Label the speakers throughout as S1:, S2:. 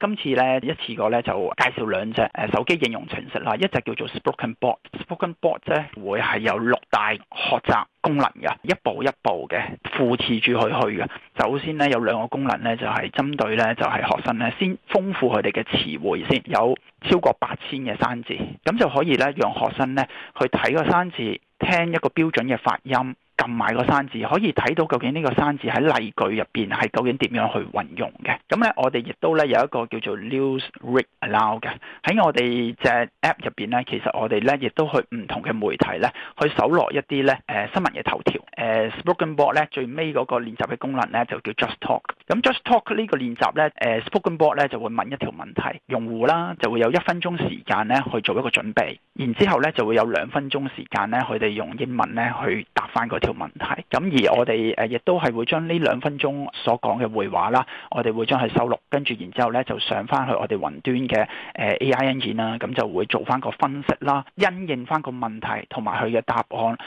S1: 今次咧一次過咧就介紹兩隻誒手機應用程式啦，一隻叫做 Spoken b o a r d Spoken b o a d 咧會係有六大學習功能嘅，一步一步嘅扶持住佢去嘅。首先咧有兩個功能咧就係、是、針對咧就係、是、學生咧先豐富佢哋嘅詞彙先，有超過八千嘅生字，咁就可以咧讓學生咧去睇個生字，聽一個標準嘅發音。買個生字可以睇到究竟呢個生字喺例句入邊係究竟點樣去運用嘅。咁咧，我哋亦都咧有一個叫做 News Read Aloud 嘅喺我哋隻 App 入邊咧。其實我哋咧亦都去唔同嘅媒體咧去搜羅一啲咧、呃、新聞嘅頭條誒。呃、Spoken Board 最尾嗰個練習嘅功能咧就叫 Just Talk。咁 Just Talk 個習、呃、呢個練習咧 Spoken Board 咧就會問一條問題，用戶啦就會有一分鐘時間咧去做一個準備，然之後咧就會有兩分鐘時間咧佢哋用英文咧去。翻嗰條問題，咁而我哋誒亦都係會將呢兩分鐘所講嘅會話啦，我哋會將佢收錄，跟住然之後咧就上翻去我哋雲端嘅誒 AI engine 啦，咁就會做翻個分析啦，因應翻個問題同埋佢嘅答案，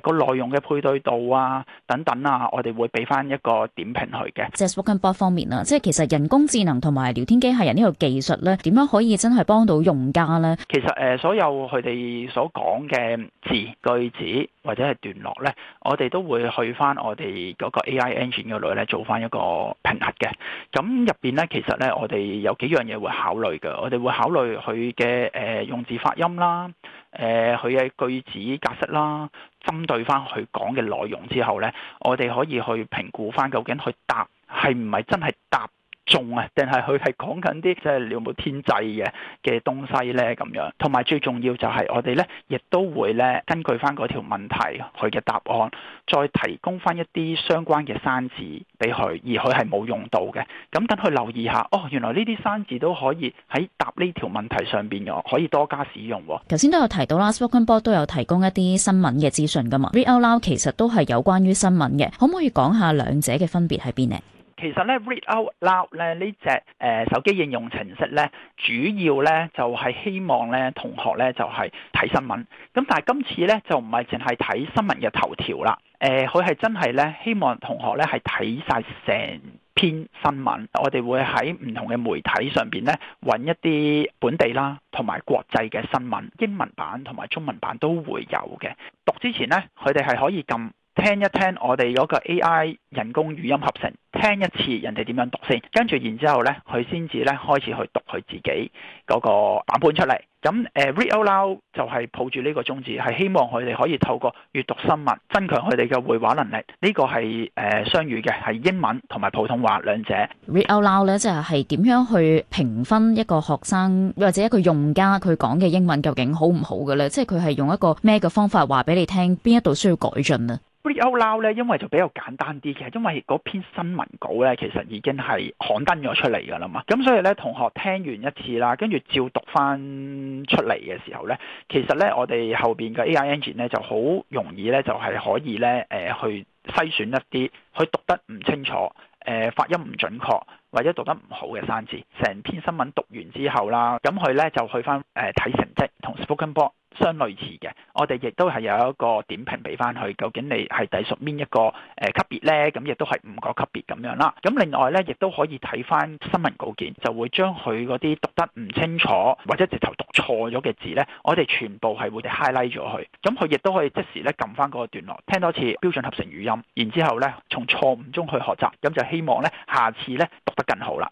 S1: 誒個內容嘅配對度啊等等啊，我哋會俾翻一個點評佢嘅。Spoken
S2: about，即 spoken about 方面啊，即係其實人工智能同埋聊天機械人呢個技術咧，點樣可以真係幫到用家咧？其
S1: 實誒，所有佢哋所講嘅字句子，或者係段落呢，我哋都會去翻我哋嗰個 AI engine 度呢，做翻一個評核嘅。咁入邊呢，其實呢，我哋有幾樣嘢會考慮嘅。我哋會考慮佢嘅誒用字發音啦，誒佢嘅句子格式啦，針對翻佢講嘅內容之後呢，我哋可以去評估翻究竟佢答係唔係真係答。是不是真的答重啊？定係佢係講緊啲即係了無天際嘅嘅東西呢？咁樣，同埋最重要就係我哋呢，亦都會咧根據翻嗰條問題佢嘅答案，再提供翻一啲相關嘅生字俾佢，而佢係冇用到嘅。咁等佢留意一下，哦，原來呢啲生字都可以喺答呢條問題上邊嘅，可以多加使用。頭
S2: 先都有提到啦，spoken board 都有提供一啲新聞嘅資訊噶嘛，real now 其實都係有關於新聞嘅，可唔可以講下兩者嘅分別喺邊呢？
S1: 其實咧，Read Out Loud 咧呢隻手機應用程式咧，主要咧就係希望咧同學咧就係睇新聞。咁但係今次咧就唔係淨係睇新聞嘅頭條啦。誒，佢係真係咧希望同學咧係睇晒成篇新聞。我哋會喺唔同嘅媒體上邊咧揾一啲本地啦同埋國際嘅新聞，英文版同埋中文版都會有嘅。讀之前咧，佢哋係可以撳聽一聽我哋嗰個 A.I. 人工語音合成。聽一次人哋點樣讀先，跟住然之後呢佢先至呢開始去讀佢自己嗰個版本出嚟。咁 Real Now 就係抱住呢個宗旨，係希望佢哋可以透過閱讀新聞，增強佢哋嘅會話能力。呢、這個係誒雙語嘅，係英文同埋普通話兩者。
S2: Real Now 呢即係係點樣去評分一個學生或者一個用家佢講嘅英文究竟好唔好嘅呢？即係佢係用一個咩嘅方法話俾你聽，邊一度需要改進呢？
S1: Out loud 咧，因為就比較簡單啲嘅，因為嗰篇新聞稿咧，其實已經係刊登咗出嚟噶啦嘛。咁所以咧，同學聽完一次啦，跟住照讀翻出嚟嘅時候咧，其實咧，我哋後邊嘅 AI engine 咧就好容易咧，就係可以咧，誒、呃、去篩選一啲佢讀得唔清楚、誒、呃、發音唔準確或者讀得唔好嘅生字。成篇新聞讀完之後啦，咁佢咧就去翻誒睇成績，同 Spoken Board 相類似嘅。我哋亦都係有一個點評俾翻佢，究竟你係隸屬邊一個誒級別呢？咁亦都係五個級別咁樣啦。咁另外呢，亦都可以睇翻新聞稿件，就會將佢嗰啲讀得唔清楚或者直頭讀錯咗嘅字呢，我哋全部係會 highlight 咗佢。咁佢亦都可以即時呢撳翻嗰個段落聽多次標準合成語音，然之後呢，從錯誤中去學習，咁就希望呢，下次呢，讀得更好啦。